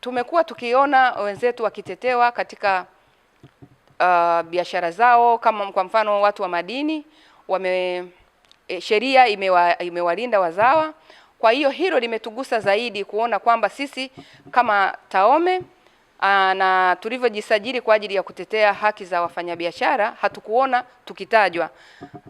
tumekuwa tukiona wenzetu wakitetewa katika uh, biashara zao, kama kwa mfano watu wa madini wame e, sheria imewa, imewalinda wazawa. Kwa hiyo hilo limetugusa zaidi kuona kwamba sisi kama Taome Ah, na tulivyojisajili kwa ajili ya kutetea haki za wafanyabiashara, hatukuona tukitajwa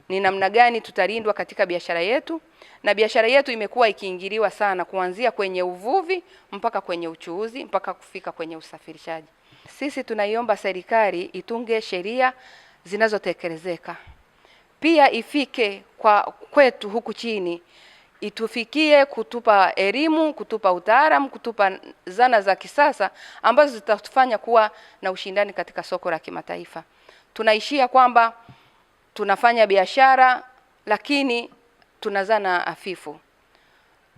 ni namna gani tutalindwa katika biashara yetu, na biashara yetu imekuwa ikiingiliwa sana, kuanzia kwenye uvuvi mpaka kwenye uchuuzi mpaka kufika kwenye usafirishaji. Sisi tunaiomba serikali itunge sheria zinazotekelezeka, pia ifike kwa kwetu huku chini itufikie kutupa elimu, kutupa utaalamu, kutupa zana za kisasa ambazo zitatufanya kuwa na ushindani katika soko la kimataifa. Tunaishia kwamba tunafanya biashara lakini tuna zana hafifu,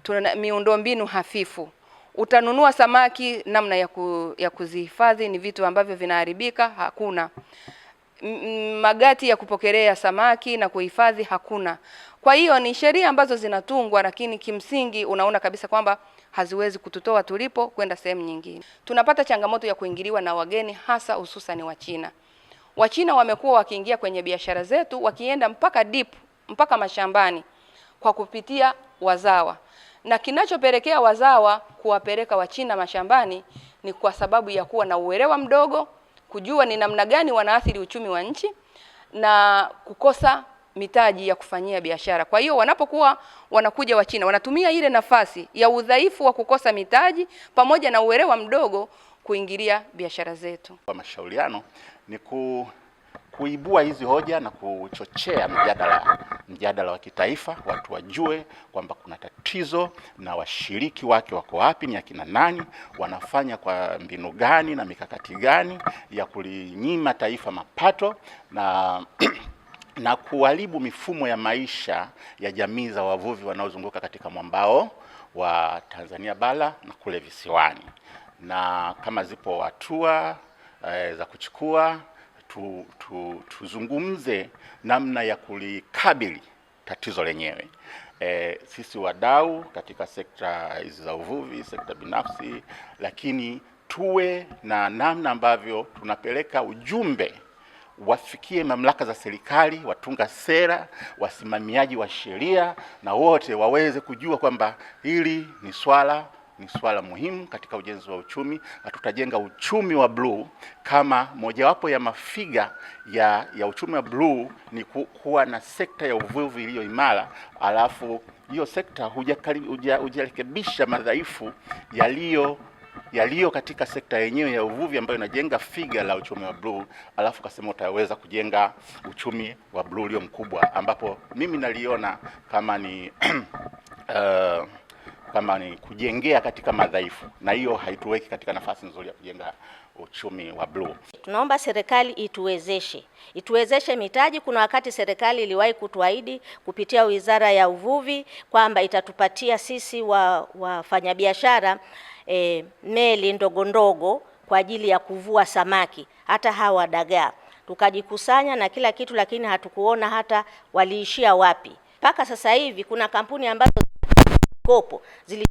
tuna miundombinu hafifu. Utanunua samaki, namna ya, ku, ya kuzihifadhi ni vitu ambavyo vinaharibika, hakuna magati ya kupokelea samaki na kuhifadhi hakuna. Kwa hiyo ni sheria ambazo zinatungwa, lakini kimsingi unaona kabisa kwamba haziwezi kututoa tulipo kwenda sehemu nyingine. Tunapata changamoto ya kuingiliwa na wageni, hasa hususani Wachina. Wachina wamekuwa wakiingia kwenye biashara zetu, wakienda mpaka deep, mpaka mashambani kwa kupitia wazawa, na kinachopelekea wazawa kuwapeleka Wachina mashambani ni kwa sababu ya kuwa na uelewa mdogo kujua ni namna gani wanaathiri uchumi wa nchi na kukosa mitaji ya kufanyia biashara. Kwa hiyo wanapokuwa wanakuja wa china wanatumia ile nafasi ya udhaifu wa kukosa mitaji pamoja na uelewa mdogo kuingilia biashara zetu. Kwa mashauriano ni ku kuibua hizi hoja na kuchochea mjadala mjadala wa kitaifa, watu wajue kwamba kuna tatizo na washiriki wake wako wapi, ni akina nani, wanafanya kwa mbinu gani na mikakati gani ya kulinyima taifa mapato na na kuharibu mifumo ya maisha ya jamii za wavuvi wanaozunguka katika mwambao wa Tanzania bara na kule visiwani, na kama zipo hatua e, za kuchukua tu, tu, tuzungumze namna ya kulikabili tatizo lenyewe. E, sisi wadau katika sekta hizi za uvuvi, sekta binafsi, lakini tuwe na namna ambavyo tunapeleka ujumbe wafikie mamlaka za serikali, watunga sera, wasimamiaji wa sheria na wote waweze kujua kwamba hili ni swala ni swala muhimu katika ujenzi wa uchumi, na tutajenga uchumi wa bluu kama mojawapo ya mafiga ya, ya uchumi wa bluu ni ku, kuwa na sekta ya uvuvi iliyo imara, alafu hiyo sekta hujarekebisha madhaifu yaliyo yaliyo katika sekta yenyewe ya uvuvi ambayo inajenga figa la uchumi wa bluu, alafu kasema utaweza kujenga uchumi wa bluu ulio mkubwa, ambapo mimi naliona kama ni uh, kama ni kujengea katika madhaifu, na hiyo haituweki katika nafasi nzuri ya kujenga uchumi wa bluu. Tunaomba serikali ituwezeshe, ituwezeshe mitaji. Kuna wakati serikali iliwahi kutuahidi kupitia Wizara ya Uvuvi kwamba itatupatia sisi wafanyabiashara e, meli ndogo ndogo kwa ajili ya kuvua samaki, hata hawa dagaa tukajikusanya na kila kitu, lakini hatukuona hata waliishia wapi. Mpaka sasa hivi kuna kampuni ambazo mikopo zili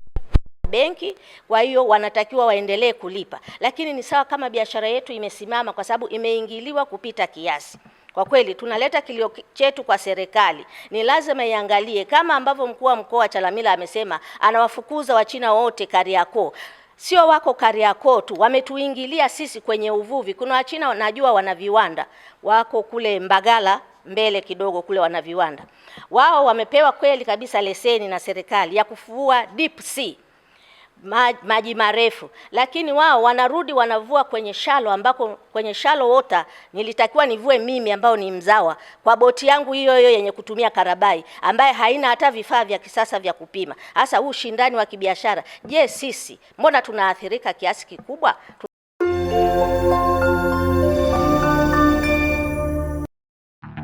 benki kwa hiyo wanatakiwa waendelee kulipa, lakini ni sawa kama biashara yetu imesimama kwa sababu imeingiliwa kupita kiasi. Kwa kweli tunaleta kilio chetu kwa serikali, ni lazima iangalie kama ambavyo mkuu wa mkoa Chalamila amesema anawafukuza Wachina wote Kariakoo. Sio wako Kariakoo tu, wametuingilia sisi kwenye uvuvi. Kuna Wachina najua wana viwanda wako kule Mbagala mbele kidogo kule wana viwanda wao wamepewa kweli kabisa leseni na serikali ya kufua deep sea maji marefu, lakini wao wanarudi wanavua kwenye shalo, ambako kwenye shalo wota nilitakiwa nivue mimi ambao ni mzawa kwa boti yangu hiyo hiyo yenye kutumia karabai ambaye haina hata vifaa vya kisasa vya kupima. Hasa huu shindani wa kibiashara, je, sisi mbona tunaathirika kiasi kikubwa?